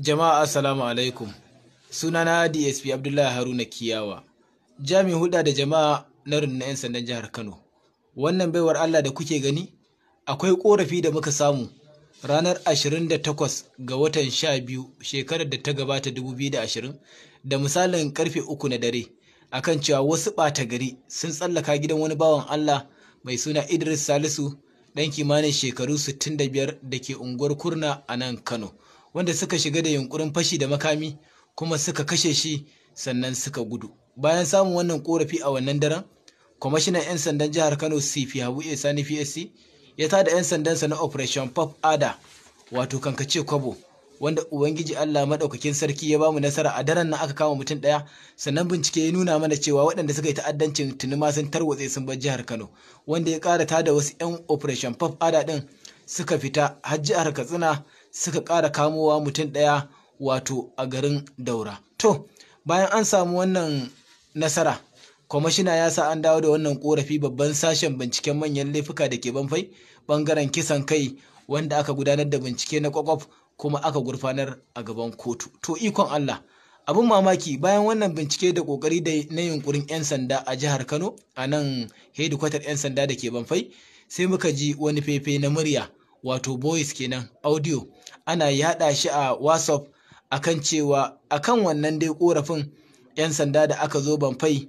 Jama'a assalamu alaikum. Sunana DSP Abdullahi Haruna Kiyawa. Jami'in huda da jama'a na rundunar 'yan sandan jihar Kano. Wannan baiwar Allah da kuke gani akwai korafi da muka samu ranar 28 ga watan 12 shekarar da ta gabata 2020 da misalin karfe uku na dare akan cewa wasu ɓata gari sun tsallaka gidan wani bawan Allah mai suna Idris Salisu ɗan kimanin shekaru 65 da ke unguwar Kurna a nan Kano. wanda suka shiga da yunkurin fashi da makami kuma suka kashe shi sannan suka gudu bayan samun wannan korafi a wannan daren kwamishinan 'yan sandan jihar kano cp habu sani psc ya tada 'yan sandansa na operation pop ada wato kankace kwabo wanda ubangiji allah maɗaukakin sarki ya bamu nasara a daren nan aka kama mutum ɗaya sannan bincike ya nuna mana cewa waɗanda suka yi ta'addancin tuni ma sun tarwatse sun bar jihar kano wanda ya ƙara tada wasu 'yan operation pop ada ɗin suka fita har jihar katsina suka ƙara kamowa mutum ɗaya wato a garin daura to bayan an samu wannan nasara kwamashina ya sa an dawo da wannan korafi babban sashen binciken manyan laifuka da ke banfai ɓangaren kisan kai wanda aka gudanar da bincike na kwakwaf kuma aka gurfanar a gaban kotu to ikon allah abin mamaki bayan wannan bincike da ƙoƙari da na yunkurin 'yan sanda a jihar kano a nan hedikwatar 'yan sanda da ke banfai sai muka ji wani fefe na murya wato voice kenan audio ana yada shi a whatsapp akan cewa akan wannan dai korafin 'yan sanda da aka zo ban fai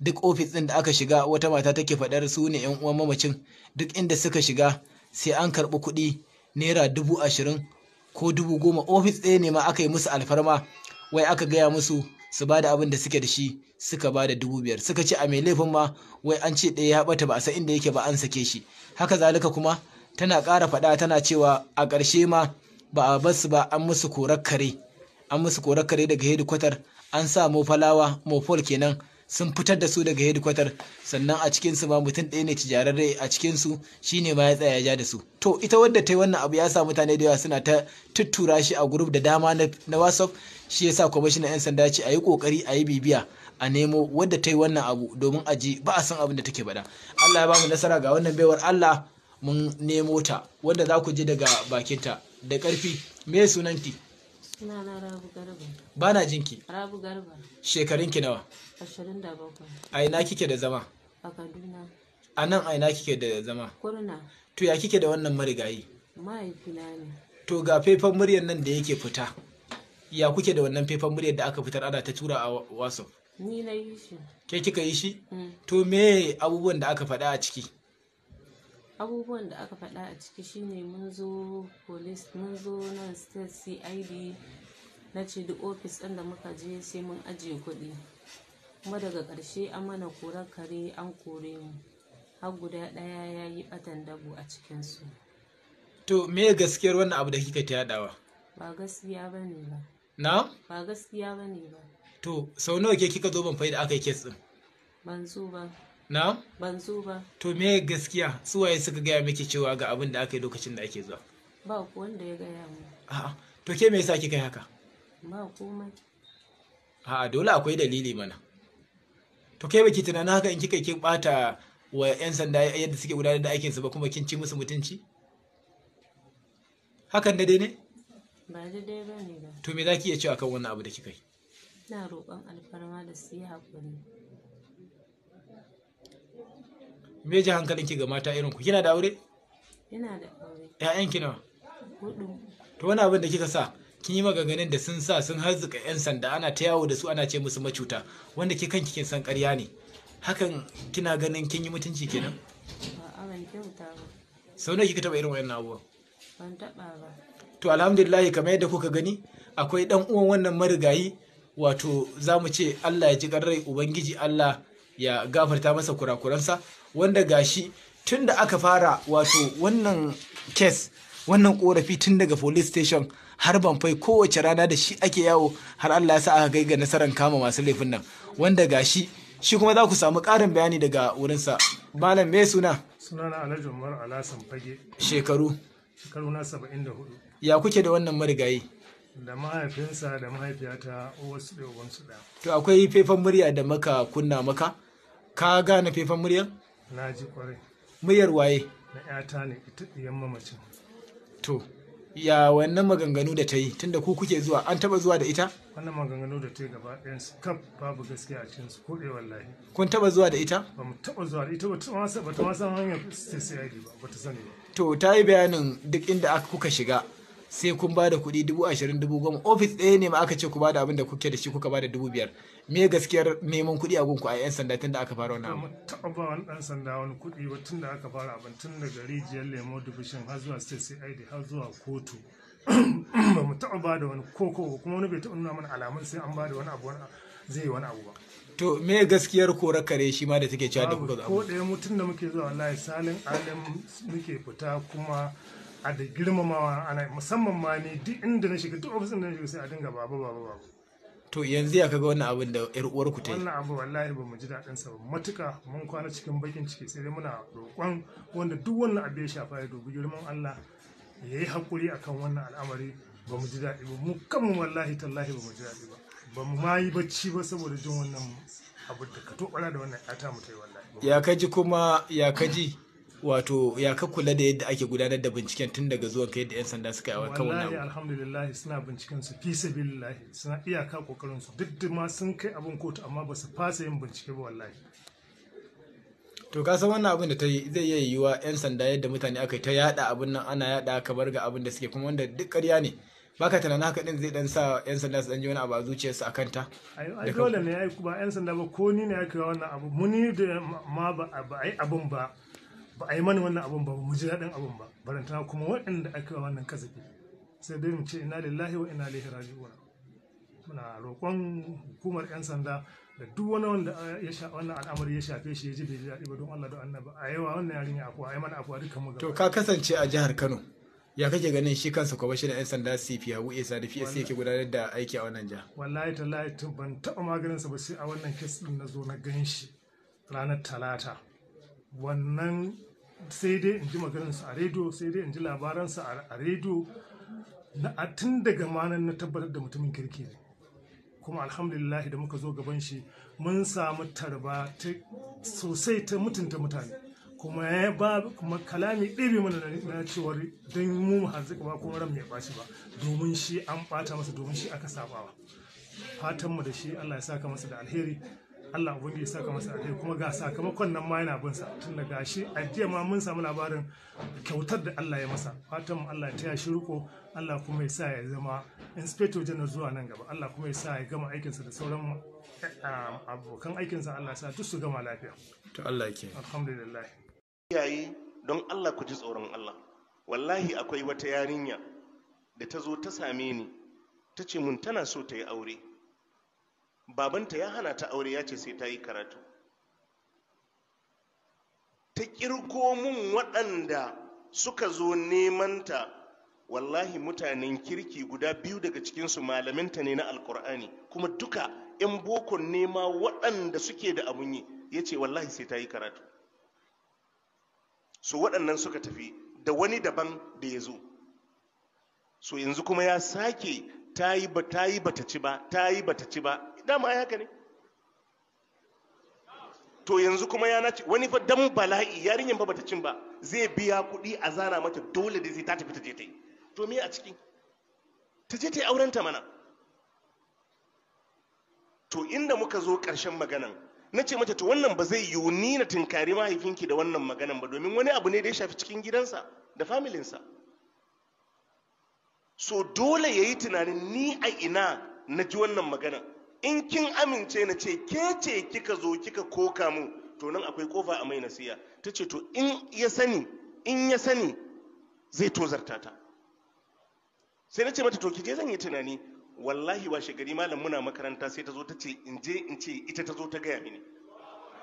duk ofis ɗin da aka shiga wata mata take faɗar su ne 'yan uwan mamacin duk inda suka shiga sai an karɓi kuɗi naira dubu ashirin ko dubu goma ofis ɗaya ne ma aka yi musu alfarma wai aka gaya musu su bada abin da suke da shi suka bada da dubu biyar suka ce a mai laifin ma wai an ce ɗaya ya ɓata ba a san inda yake ba an sake shi haka zalika kuma tana ƙara faɗa tana cewa a ƙarshe ma ba a basu ba an musu korar kare an musu korar kare daga hedikwatar an sa mofalawa mofol kenan sun fitar da su daga hedikwatar sannan a cikinsu ma mutum ɗaya ne tijararre a cikinsu shine ma ya tsaya ja da su to ita wadda ta yi wannan abu ya sa mutane da yawa suna ta tuttura shi a grup da dama na wasof shi yasa kwamishinan 'yan sanda ce a yi kokari a yi bibiya a nemo wadda ta yi wannan abu domin a ji ba a san abin da take faɗa allah ya ba mu nasara ga wannan baiwar allah mun nemo ta wanda za ku ji daga bakinta da ƙarfi me sunanki garba ba na jinki shekarun garba shekarunki nawa a ina kike da zama a kaduna a nan a ina kike da zama kurna to ya kike da wannan marigayi ne to ga faifan muryar nan da yake fita ya kuke da wannan faifan muryar da aka fitar ana ta tura a wasu ni na yi shi ke kika yi shi mm. to me abubuwan da aka faɗa a ciki abubuwan da aka faɗa a ciki shine mun zo police mun zo nan state cid na ce duk ofis ɗin da muka je sai mun ajiye kuɗi kuma daga ƙarshe an mana korar kare an kore mu har guda ɗaya ya yi ɓatan dabo a cikinsu to me gaskiyar wannan abu da kika ta yaɗawa ba gaskiya ba ne ba na ba gaskiya ba ne ba to sau nawa ke kika zo ban da aka yi kes ɗin ban zo ba na ban zo ba to me gaskiya su waye suka gaya miki cewa ga abin da aka yi lokacin da ake zuwa ba ku wanda ya gaya mu a'a to ke me yasa kika yi haka ba komai a'a dole akwai dalili mana to kai baki tunanin haka in kika kin bata wa 'yan sanda yadda suke gudanar da aikinsu ba kuma kin ci musu mutunci? Hakan da dai ne? Ba daidai ba ne ba. To me za ki iya cewa kan wannan abu da kika yi? Na roƙon alfarma da su yi haƙuri. me ji hankalin ki ga mata irin ku kina da aure yana da aure ƴaƴan ki nawa hudu to wani abin da kika sa kin yi magaganin da sun sa sun harzuka yan sanda ana ta yawo da su ana ce musu macuta wanda ke kanki kin san ƙarya ne hakan kina ganin kin yi mutunci kenan ban kyauta ba sau nawa kika taɓa irin wayannan abubuwan ban taɓa ba to alhamdulillah kamar yadda kuka gani akwai dan uwan wannan marigayi wato za mu ce Allah ya ji ƙarrai Ubangiji Allah ya gafarta masa kurakuransa wanda gashi tun da aka fara wato wannan kes wannan korafi tun daga police station har ban fai kowace rana da shi ake yawo har Allah ya sa aka kai ga nasarar kama masu laifin nan wanda gashi shi kuma za ku samu ƙarin bayani daga wurinsa malam me suna na alhaji umar alasan fage shekaru shekaru na 74 ya kuke da wannan marigayi da mahaifinsa da mahaifiyata wasu da ubansu da to akwai fefan murya da maka kunna maka ka gane fefan muryar na ji kwarai muryar waye na yata ne ita ɗiyan mamacin to ya wannan maganganu da ta yi tunda ku kuke zuwa an taba zuwa da ita wannan maganganu da ta yi gaba ɗayan su kaf babu gaskiya a cikin su ko ɗaya wallahi kun taba zuwa da ita ba mu taba zuwa da ita ba ta san ba ta san hanyar CCID ba ba ta sani ba to ta yi bayanin duk inda aka kuka shiga sai kun ba da kuɗi dubu ashirin dubu goma ofis ɗaya ne ma aka ce ku ba da abin da kuke da shi kuka ba da dubu biyar me gaskiyar neman kuɗi a gunku a yan sanda tun da aka fara wani abu. taɓa ba wani ɗan sanda wani kuɗi ba tun da aka fara abin tun daga rijiyar lemo division har zuwa state cid har zuwa kotu ba mu taɓa ba da wani koko kuma wani bai taɓa nuna mana alamun sai an ba da wani abu zai yi wani abu ba. to me gaskiyar ko kare shi ma da take cewa da kuka zo. ko ɗaya mutum da muke zuwa wallahi salin alim muke fita kuma a da girmamawa ana musamman ma ne duk inda na shiga duk ofisin da na shiga sai a dinga babu babu babu to yanzu ya kaga wannan abin da yar uwar ku ta yi wannan abu wallahi ba mu ji daɗin sa matuka mun kwana cikin bakin ciki sai dai muna roƙon wanda duk wannan abu ya shafa ya dubi girman Allah ya yi hakuri akan wannan al'amari ba mu ji daɗi ba mu kanmu wallahi tallahi ba mu ji daɗi ba ba mu ma yi bacci ba saboda jin wannan abu da ka tobara da wannan ƴata mu ta yi wallahi ya kaji kuma ya kaji wato ya ka kula da yadda ake gudanar da binciken tun daga zuwan ka yadda 'yan sanda suka yi yawa kawo wallahi alhamdulillah suna binciken su fi sabilillah suna iyaka kokarin su duk da ma sun kai abin kotu amma ba su fasa yin bincike ba wallahi to ka san wannan abin da ta yi zai iya yiwuwa 'yan sanda yadda mutane aka yi ta yada abin nan ana yada kamar ga abin da suke kuma wanda duk ƙarya ne baka tunanin haka din zai dan sa yan sanda su dan ji wani abu a su akan ta ai dole ne ai ba yan sanda ba ko ni ne ya kai wannan abu muni da ma ba a yi abun ba ba a yi mani wannan abun ba mu ji daɗin abun ba barantana kuma waɗanda aka wannan kasafi sai dai mu ce ina lillahi wa ina ilaihi raji'un muna roƙon hukumar 'yan sanda da duk wani wanda wannan al'amari ya shafe shi ya ji bai daɗi ba don Allah da annabi a yawa wannan yarinya afuwa a yi mana afuwa dukkan mu to ka kasance a jihar Kano ya kake ganin shi kansa da 'yan sanda su fiya wuce Isa da sai yake gudanar da aiki a wannan jiha wallahi tallahi ban taɓa maganin sa ba sai a wannan kes din na zo na gan shi ranar talata wannan sai dai in ji maganarsa a rediyo sai dai in ji labaransa a rediyo na tun daga manan na tabbatar da mutumin kirki ne kuma alhamdulillah da muka zo gaban shi mun samu tarba sosai ta mutunta mutane kuma ya ba kuma kalami ɗebe mana na cewar don mu mu harzika ba kuma ran mai bashi ba domin shi an ɓata masa domin shi aka sabawa fatanmu da shi Allah ya saka masa da alheri Allah ubangi ya saka masa alheri kuma ga sakamakon nan ma yana bin sa tun daga shi ajiya ma mun samu labarin kyautar da Allah ya masa fatan mu Allah ta ya shi riko Allah kuma ya sa ya zama inspector general zuwa nan gaba Allah kuma ya sa ya gama aikinsa da sauran um, abokan aikinsa Allah ya sa duk su gama lafiya to Allah yake alhamdulillah iyaye don Allah ku ji tsoron Allah wallahi akwai wata yarinya da ta zo ta same ni ta ce mun tana so ta yi aure babanta ya hana ta aure ya ce sai ta yi karatu ta kirko mun waɗanda suka zo nemanta wallahi mutanen kirki guda biyu daga cikinsu malaminta ne na alkur'ani kuma duka 'yan bokon nema waɗanda suke da abun yi ya ce wallahi sai ta yi karatu so waɗannan suka tafi da wani daban da ya zo so yanzu kuma ya sake ta yi ba ta ci ba ta yi ba ta ci ba dama ya haka ne to yanzu kuma ya nace wani fa dan bala'i yarinyan ba bata cin ba zai biya kuɗi a zana mata dole da zai ta tafi ta je ta yi to me a ciki ta je ta yi auren ta mana to inda muka zo ƙarshen maganan na ce mata to wannan ba zai yiwu ni na tinkari mahaifinki da wannan maganan ba domin wani abu ne da ya shafi cikin gidansa da familinsa so dole ya yi tunanin ni a ina na ji wannan maganan in kin amince na ce ke ce kika zo kika koka mu to nan akwai kofa a mai nasiya ta ce to in ya sani in ya sani zai tozarta ta sai na ce mata to ki je zan yi tunani wallahi washe gari malam muna makaranta sai ta zo ta ce in je in ce ita ta zo ta gaya mini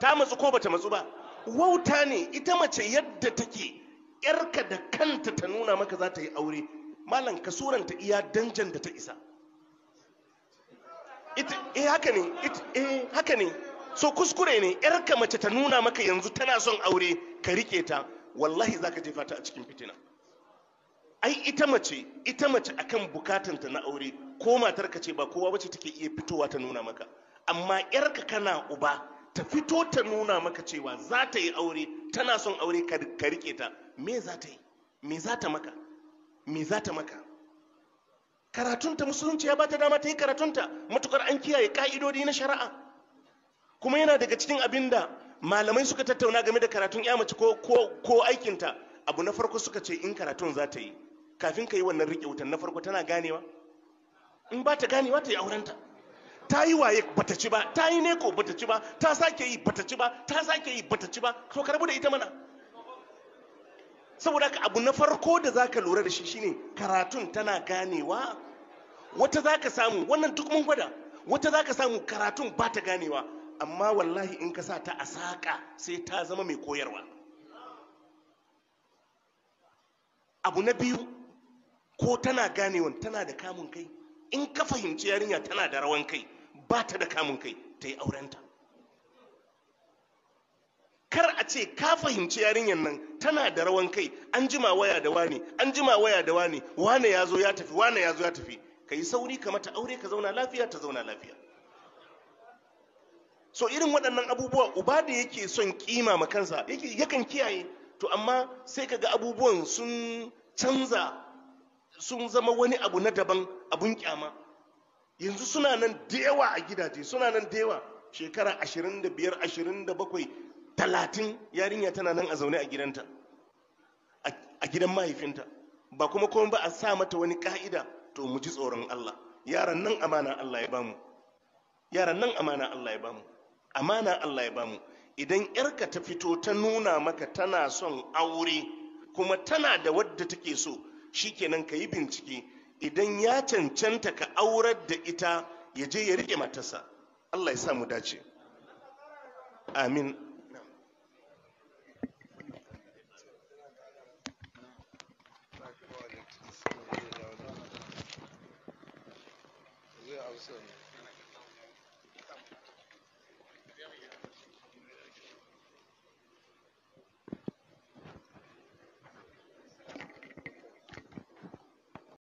ta matsu ko bata matsu ba wauta ne ita mace yadda take yarka da kanta ta nuna maka za ta yi aure malam ka suranta iya danjan da ta isa eh haka ne eh haka ne so kuskure ne Yar ka mace ta nuna maka yanzu tana son aure ka rike ta wallahi zaka je fata a cikin fitina ai ita mace ita mace akan bukatanta na aure ko matar ka ce ba kowa bace take iya fitowa ta nuna maka amma yar ka kana uba ta fito ta nuna maka cewa za ta yi aure tana son aure ka rike ta me za ta yi me za ta maka me za ta maka karatunta musulunci ya bata dama ta yi karatunta matukar an kiyaye ka'idodi na shari'a kuma yana daga cikin abin da malamai suka tattauna game da karatun ya mace ko aikinta abu na farko suka ce in karatun za ta yi kafin ka yi wannan riƙe wutan na farko tana ganewa in ba ta ganewa ta yi aurenta ta yi waye bata ci ba ta yi neko bata ci ba ta sake yi bata ci ba ta sake yi bata ci ba so karbu da ita mana saboda haka abu na farko da zaka lura da shi shine karatun tana ganewa wata zaka samu wannan duk mun gwada wata zaka samu karatun ba ta ganewa amma wallahi in ka sa ta a saƙa sai ta zama mai koyarwa abu na biyu ko tana ganewan tana da kamun kai in ka fahimci yarinya tana da rawan kai ba ta da kamun kai ta yi aurenta kar a ce ka fahimci yarinyar nan tana da rawan kai an jima waya da wani an jima waya da wani wane ya zo ya tafi wane ya zo ya tafi ka yi sauri ka mata aure ka zauna lafiya ta zauna lafiya so irin waɗannan abubuwa uba da yake son kima ma kansa yakan kiyaye to amma sai kaga abubuwan sun canza sun zama wani abu na daban abun kyama yanzu suna nan da yawa a gidaje suna nan da yawa shekara 25 27 talatin yarinya tana nan a zaune a gidanta a gidan mahaifinta ba kuma kuma ba a sa mata wani ka'ida to mu ji tsoron Allah yaran nan amana Allah ya bamu yaran nan amana Allah ya bamu amana Allah ya bamu idan yarka ta fito ta nuna maka tana son aure kuma tana da wadda take so shikenan ka yi bincike idan ya cancanta ka aurar da ita ya je ya rike matarsa Allah ya sa mu dace amin